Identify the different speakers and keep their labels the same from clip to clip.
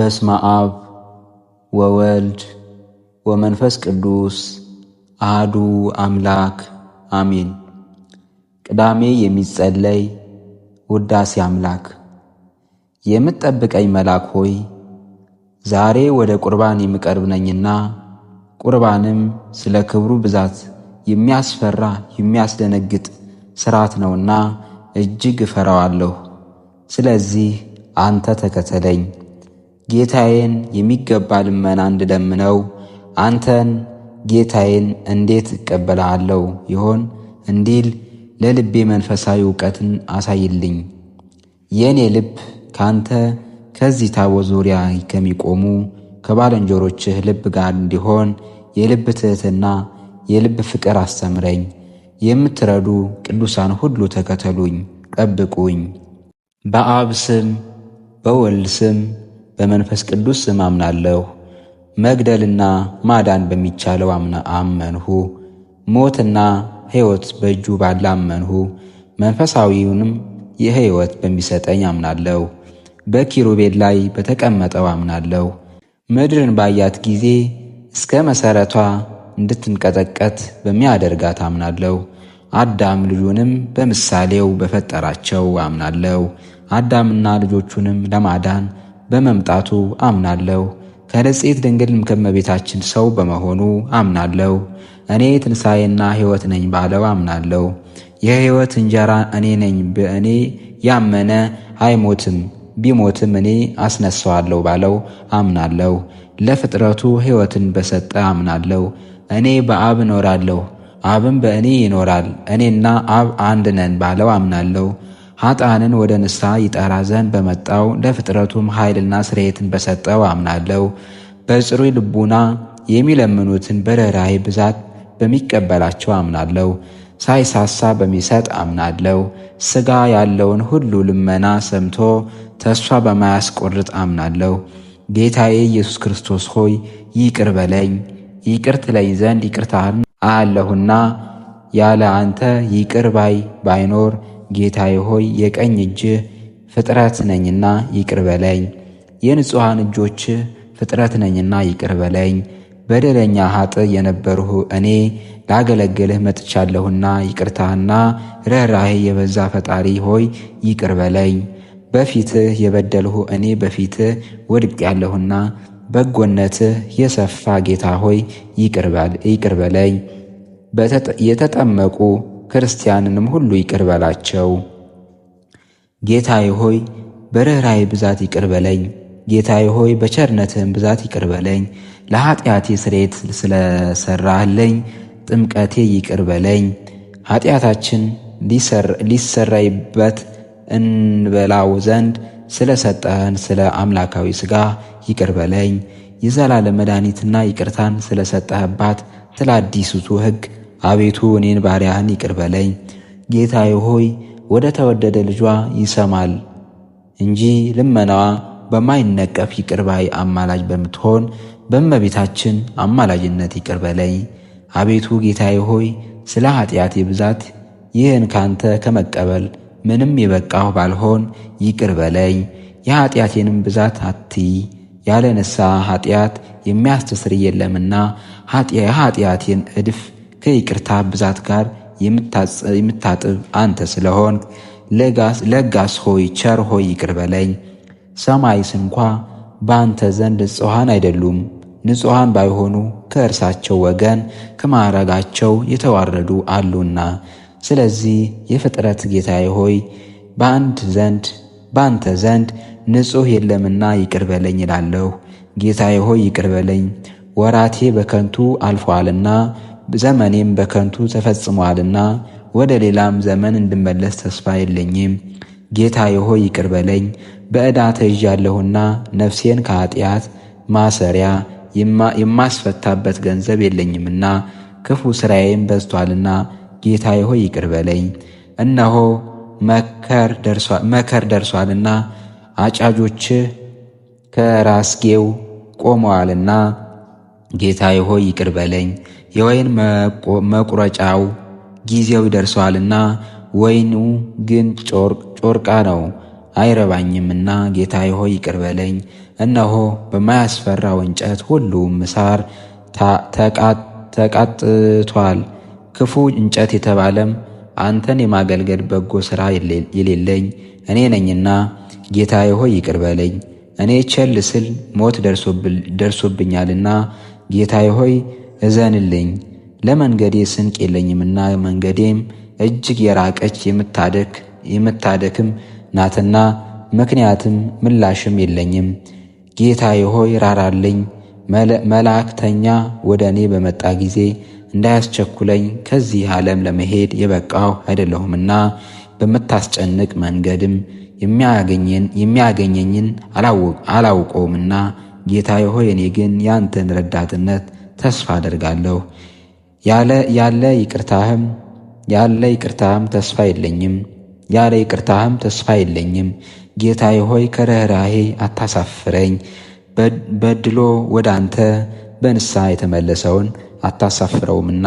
Speaker 1: በስመ አብ ወወልድ ወመንፈስ ቅዱስ አህዱ አምላክ አሜን። ቅዳሜ የሚጸለይ ውዳሴ አምላክ የምትጠብቀኝ መልአክ ሆይ ዛሬ ወደ ቁርባን የምቀርብ ነኝና ቁርባንም ስለ ክብሩ ብዛት የሚያስፈራ የሚያስደነግጥ ስርዓት ነውና እጅግ እፈራዋለሁ። ስለዚህ አንተ ተከተለኝ ጌታዬን የሚገባ ልመና እንድለምነው አንተን ጌታዬን እንዴት እቀበላለሁ ይሆን እንዲል ለልቤ መንፈሳዊ እውቀትን አሳይልኝ። የእኔ ልብ ካንተ ከዚህ ታቦ ዙሪያ ከሚቆሙ ከባልንጀሮችህ ልብ ጋር እንዲሆን የልብ ትህትና፣ የልብ ፍቅር አስተምረኝ። የምትረዱ ቅዱሳን ሁሉ ተከተሉኝ፣ ጠብቁኝ። በአብ ስም በወልድ ስም በመንፈስ ቅዱስ ስም አምናለሁ። መግደልና ማዳን በሚቻለው አመንሁ። ሞትና ሕይወት በእጁ ባለ አመንሁ። መንፈሳዊውንም የሕይወት በሚሰጠኝ አምናለሁ። በኪሩቤል ላይ በተቀመጠው አምናለሁ። ምድርን ባያት ጊዜ እስከ መሠረቷ እንድትንቀጠቀጥ በሚያደርጋት አምናለሁ። አዳም ልጁንም በምሳሌው በፈጠራቸው አምናለሁ። አዳምና ልጆቹንም ለማዳን በመምጣቱ አምናለሁ። ከንጽሕት ድንግልም ከመቤታችን ሰው በመሆኑ አምናለሁ። እኔ ትንሣኤና ሕይወት ነኝ ባለው አምናለሁ። የሕይወት እንጀራ እኔ ነኝ፣ በእኔ ያመነ አይሞትም፣ ቢሞትም እኔ አስነሳዋለሁ ባለው አምናለሁ። ለፍጥረቱ ሕይወትን በሰጠ አምናለሁ። እኔ በአብ እኖራለሁ፣ አብም በእኔ ይኖራል፣ እኔና አብ አንድ ነን ባለው አምናለሁ። ኃጣንን ወደ ንስሐ ይጠራ ዘንድ በመጣው ለፍጥረቱም ኃይልና ስርየትን በሰጠው አምናለሁ። በጽሩ ልቡና የሚለምኑትን በረራይ ብዛት በሚቀበላቸው አምናለሁ። ሳይሳሳ በሚሰጥ አምናለሁ። ሥጋ ያለውን ሁሉ ልመና ሰምቶ ተስፋ በማያስቆርጥ አምናለሁ። ጌታዬ ኢየሱስ ክርስቶስ ሆይ ይቅር በለኝ፣ ይቅር ትለኝ ዘንድ ይቅርታህን አያለሁና ያለ አንተ ይቅር ባይ ባይኖር ጌታዬ ሆይ የቀኝ እጅህ ፍጥረት ነኝና ይቅር በለኝ። የንጹሐን እጆች ፍጥረት ነኝና ይቅር በለኝ። በደለኛ ኃጥ የነበርሁ እኔ ላገለግልህ መጥቻለሁና ይቅርታህና ረኅራሄ የበዛ ፈጣሪ ሆይ ይቅር በለኝ። በፊትህ የበደልሁ እኔ በፊትህ ወድቅ ያለሁና በጎነትህ የሰፋ ጌታ ሆይ ይቅር በለኝ። የተጠመቁ ክርስቲያንንም ሁሉ ይቅር በላቸው። ጌታዬ ሆይ በርኅራዬ ብዛት ይቅር በለኝ። ጌታዬ ሆይ በቸርነትህም ብዛት ይቅር በለኝ። ለኃጢአቴ ስሬት ስለሰራህልኝ ጥምቀቴ ይቅር በለኝ። ኃጢአታችን ሊሰራይበት እንበላው ዘንድ ስለ ሰጠህን ስለ አምላካዊ ሥጋ ይቅር በለኝ። የዘላለም መድኃኒትና ይቅርታን ስለ ሰጠህባት ስለ አዲስቱ ሕግ አቤቱ እኔን ባሪያህን ይቅር በለኝ። ጌታዬ ሆይ ወደ ተወደደ ልጇ ይሰማል እንጂ ልመናዋ በማይነቀፍ ይቅር ባይ አማላጅ በምትሆን በእመቤታችን አማላጅነት ይቅር በለኝ። አቤቱ ጌታዬ ሆይ ስለ ኃጢአቴ ብዛት ይህን ካንተ ከመቀበል ምንም የበቃሁ ባልሆን ይቅር በለኝ። የኃጢአቴንም ብዛት አትይ፣ ያለ ንስሐ የሚያስተስር የለምና የኃጢአቴን እድፍ ከይቅርታ ብዛት ጋር የምታጥብ አንተ ስለሆን ለጋስ ሆይ ቸር ሆይ ይቅር በለኝ። ሰማይስ እንኳ በአንተ ዘንድ ንጹሐን አይደሉም። ንጹሐን ባይሆኑ ከእርሳቸው ወገን ከማዕረጋቸው የተዋረዱ አሉና። ስለዚህ የፍጥረት ጌታዬ ሆይ በአንድ ዘንድ በአንተ ዘንድ ንጹሕ የለምና ይቅር በለኝ እላለሁ። ጌታዬ ሆይ ይቅር በለኝ፣ ወራቴ በከንቱ አልፏልና ዘመኔም በከንቱ ተፈጽሟልና ወደ ሌላም ዘመን እንድመለስ ተስፋ የለኝም። ጌታ የሆ ይቅር በለኝ፣ በዕዳ ተይዣለሁና ነፍሴን ከኃጢአት ማሰሪያ የማስፈታበት ገንዘብ የለኝምና ክፉ ሥራዬም በዝቷልና ጌታ ይሆ ይቅር በለኝ። እነሆ መከር ደርሷልና አጫጆችህ ከራስጌው ቆመዋልና ጌታዬ ሆይ ይቅር በለኝ፣ የወይን መቁረጫው ጊዜው ደርሷልና ወይኑ ግን ጮርቃ ነው አይረባኝምና፣ ጌታዬ ሆይ ይቅር በለኝ። እነሆ በማያስፈራው እንጨት ሁሉም ሳር ተቃጥቷል። ክፉ እንጨት የተባለም አንተን የማገልገል በጎ ሥራ የሌለኝ እኔ ነኝና፣ ጌታዬ ሆይ ይቅር በለኝ። እኔ ቸል ስል ሞት ደርሶብኛልና ጌታዬ ሆይ እዘንልኝ፣ ለመንገዴ ስንቅ የለኝምና መንገዴም እጅግ የራቀች የምታደክም ናትና ምክንያትም ምላሽም የለኝም። ጌታዬ ሆይ ራራልኝ፣ መላእክተኛ ወደ እኔ በመጣ ጊዜ እንዳያስቸኩለኝ ከዚህ ዓለም ለመሄድ የበቃሁ አይደለሁምና በምታስጨንቅ መንገድም የሚያገኘኝን አላውቀውምና ጌታ የሆይ እኔ ግን ያንተን ረዳትነት ተስፋ አደርጋለሁ። ያለ ይቅርታህም ያለ ይቅርታህም ተስፋ የለኝም ያለ ይቅርታህም ተስፋ የለኝም። ጌታ የሆይ ከርኅራሄ አታሳፍረኝ። በድሎ ወደ አንተ በንሳ የተመለሰውን አታሳፍረውምና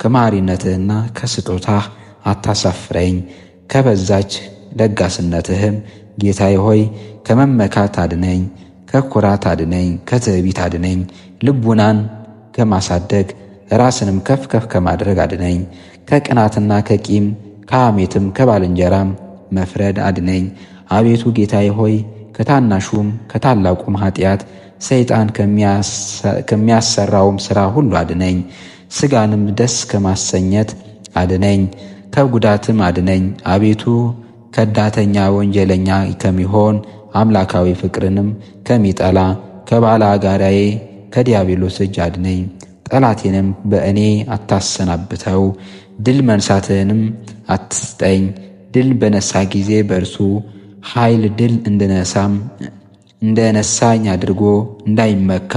Speaker 1: ከማሪነትህና ከስጦታህ አታሳፍረኝ። ከበዛች ለጋስነትህም ጌታ ሆይ ከመመካት አድነኝ። ከኩራት አድነኝ፣ ከትዕቢት አድነኝ፣ ልቡናን ከማሳደግ ራስንም ከፍ ከፍ ከማድረግ አድነኝ፣ ከቅናትና ከቂም ከሐሜትም ከባልንጀራም መፍረድ አድነኝ። አቤቱ ጌታዬ ሆይ ከታናሹም ከታላቁም ኃጢአት ሰይጣን ከሚያሰራውም ሥራ ሁሉ አድነኝ። ሥጋንም ደስ ከማሰኘት አድነኝ፣ ከጉዳትም አድነኝ። አቤቱ ከዳተኛ ወንጀለኛ ከሚሆን አምላካዊ ፍቅርንም ከሚጠላ ጋራዬ ከዲያብሎስ እጅ አድነኝ። ጠላቴንም በእኔ አታሰናብተው፣ ድል መንሳትህንም አትስጠኝ። ድል በነሳ ጊዜ በእርሱ ኃይል ድል እንደነሳም እንደነሳኝ አድርጎ እንዳይመካ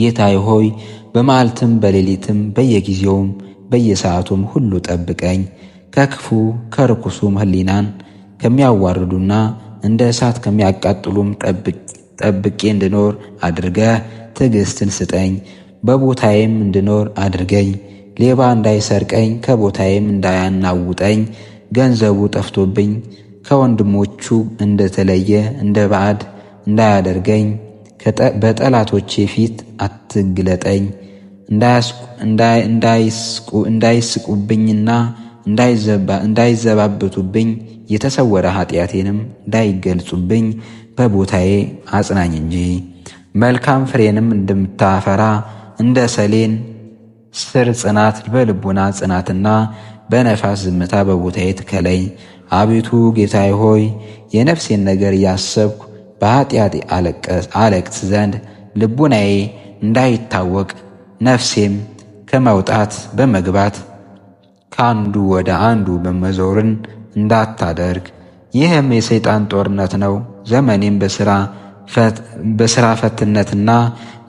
Speaker 1: ጌታዬ ሆይ በመዓልትም በሌሊትም በየጊዜውም በየሰዓቱም ሁሉ ጠብቀኝ። ከክፉ ከርኩሱም ሕሊናን ከሚያዋርዱና እንደ እሳት ከሚያቃጥሉም ጠብቄ እንድኖር አድርገህ ትዕግስትን ስጠኝ። በቦታዬም እንድኖር አድርገኝ። ሌባ እንዳይሰርቀኝ ከቦታዬም እንዳያናውጠኝ ገንዘቡ ጠፍቶብኝ ከወንድሞቹ እንደተለየ እንደ ባዕድ እንዳያደርገኝ በጠላቶቼ ፊት አትግለጠኝ እንዳይስቁብኝና እንዳይዘባብቱብኝ የተሰወረ ኃጢአቴንም እንዳይገልጹብኝ በቦታዬ አጽናኝ እንጂ መልካም ፍሬንም እንደምታፈራ እንደ ሰሌን ስር ጽናት በልቡና ጽናትና በነፋስ ዝምታ በቦታዬ ትከለኝ። አቤቱ ጌታዬ ሆይ የነፍሴን ነገር እያሰብኩ በኃጢአቴ አለቅስ ዘንድ ልቡናዬ እንዳይታወቅ ነፍሴም ከመውጣት በመግባት ከአንዱ ወደ አንዱ መመዞርን እንዳታደርግ። ይህም የሰይጣን ጦርነት ነው። ዘመኔም በስራ ፈትነትና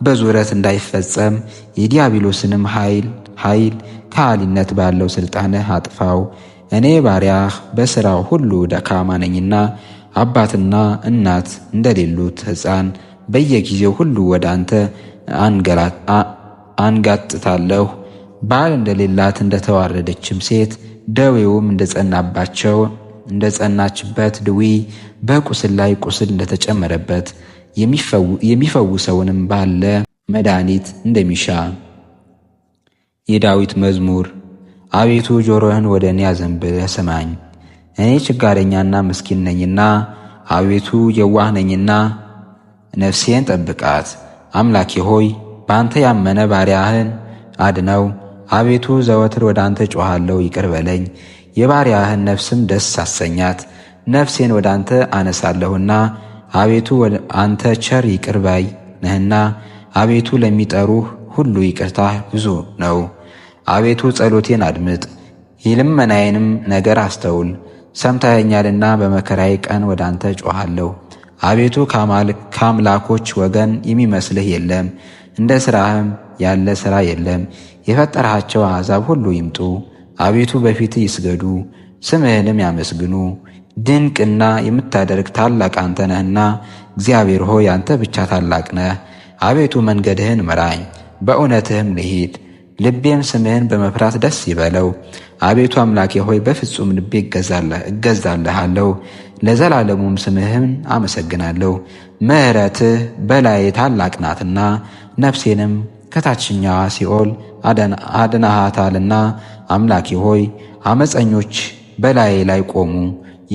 Speaker 1: በዙረት እንዳይፈጸም የዲያብሎስንም ኃይል ኃይል ከሃሊነት ባለው ሥልጣንህ አጥፋው። እኔ ባሪያህ በሥራው ሁሉ ደካማ ነኝና አባትና እናት እንደሌሉት ሕፃን በየጊዜው ሁሉ ወደ አንተ አንጋጥታለሁ። ባል እንደሌላት እንደተዋረደችም ሴት ደዌውም እንደጸናባቸው እንደጸናችበት ድዊ በቁስል ላይ ቁስል እንደተጨመረበት የሚፈውሰውንም ባለ መድኃኒት እንደሚሻ የዳዊት መዝሙር። አቤቱ ጆሮህን ወደ እኔ አዘንብለህ ስማኝ፣ እኔ ችጋረኛና ምስኪን ነኝና፣ አቤቱ የዋህ ነኝና ነፍሴን ጠብቃት። አምላኬ ሆይ በአንተ ያመነ ባሪያህን አድነው። አቤቱ ዘወትር ወደ አንተ ጮኋለሁ፣ ይቅር በለኝ። የባሪያህን ነፍስም ደስ አሰኛት። ነፍሴን ወደ አንተ አነሳለሁና አቤቱ አንተ ቸር ይቅር ባይ ነህና፣ አቤቱ ለሚጠሩህ ሁሉ ይቅርታ ብዙ ነው። አቤቱ ጸሎቴን አድምጥ፣ የልመናዬንም ነገር አስተውል። ሰምተኸኛልና በመከራዬ ቀን ወደ አንተ ጮኋለሁ። አቤቱ ከአምላኮች ወገን የሚመስልህ የለም እንደ ሥራህም ያለ ሥራ የለም። የፈጠረሃቸው አሕዛብ ሁሉ ይምጡ፣ አቤቱ በፊት ይስገዱ፣ ስምህንም ያመስግኑ። ድንቅና የምታደርግ ታላቅ አንተ ነህና፣ እግዚአብሔር ሆይ አንተ ብቻ ታላቅ ነህ። አቤቱ መንገድህን ምራኝ፣ በእውነትህም ልሂድ፣ ልቤም ስምህን በመፍራት ደስ ይበለው። አቤቱ አምላኬ ሆይ በፍጹም ልቤ እገዛልሃለሁ፣ ለዘላለሙም ስምህን አመሰግናለሁ። ምሕረትህ በላዬ ታላቅ ናትና ነፍሴንም ከታችኛ ሲኦል አድናሃታልና አምላኪ ሆይ አመፀኞች በላዬ ላይ ቆሙ፣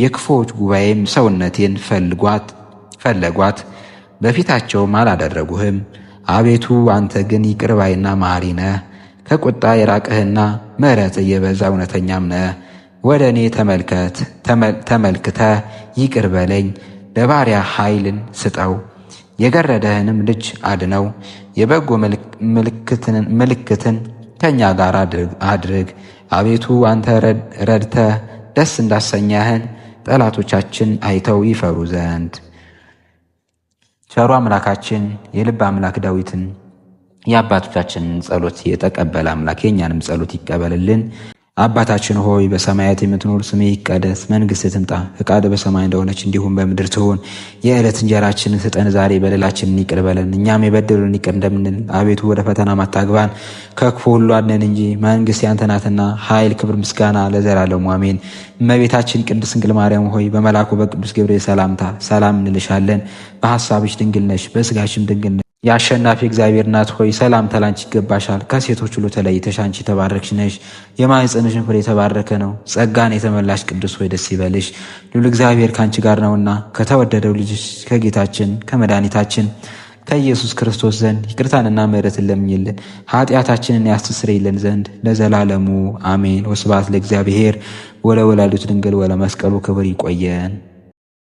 Speaker 1: የክፉዎች ጉባኤም ሰውነቴን ፈለጓት፣ በፊታቸውም አላደረጉህም። አቤቱ አንተ ግን ይቅርባይና መሐሪ ነህ፣ ከቁጣ የራቅህና ምሕረት እየበዛ እውነተኛም ነህ። ወደ እኔ ተመልከት ተመልክተ ይቅር በለኝ፣ ለባሪያ ኃይልን ስጠው፣ የገረደህንም ልጅ አድነው። የበጎ ምልክትን ከእኛ ጋር አድርግ። አቤቱ አንተ ረድተ ደስ እንዳሰኛህን ጠላቶቻችን አይተው ይፈሩ ዘንድ። ቸሩ አምላካችን የልብ አምላክ ዳዊትን የአባቶቻችንን ጸሎት የተቀበለ አምላክ የእኛንም ጸሎት ይቀበልልን። አባታችን ሆይ በሰማያት የምትኖር ስሜ ይቀደስ፣ መንግሥት ትምጣ፣ ፍቃድ በሰማይ እንደሆነች እንዲሁም በምድር ትሆን። የዕለት እንጀራችንን ስጠን ዛሬ፣ በደላችንን ይቅር በለን እኛም የበደሉን ይቅር እንደምንል፣ አቤቱ ወደ ፈተና ማታግባን ከክፉ ሁሉ አድነን እንጂ መንግሥት ያንተ ናትና፣ ኃይል፣ ክብር፣ ምስጋና ለዘላለሙ አሜን። እመቤታችን ቅድስት ድንግል ማርያም ሆይ በመልአኩ በቅዱስ ገብርኤል ሰላምታ ሰላም እንልሻለን። በሐሳብሽ ድንግል ነሽ፣ በሥጋሽም ድንግል የአሸናፊ እግዚአብሔር እናት ሆይ ሰላም ተላንች ይገባሻል። ከሴቶች ሁሉ ተለይተሽ አንቺ የተባረክሽ ነሽ፣ የማኅፀንሽን ፍሬ የተባረከ ነው። ጸጋን የተመላሽ ቅዱስ ሆይ ደስ ይበልሽ፣ ልዑል እግዚአብሔር ከአንቺ ጋር ነውና ከተወደደው ልጅሽ ከጌታችን ከመድኃኒታችን ከኢየሱስ ክርስቶስ ዘንድ ይቅርታንና ምሕረትን ለምኝልን ኃጢአታችንን ያስተሰርይልን ዘንድ ለዘላለሙ አሜን። ወስብሐት ለእግዚአብሔር ወለወላዲቱ ድንግል ወለመስቀሉ ክብር። ይቆየን።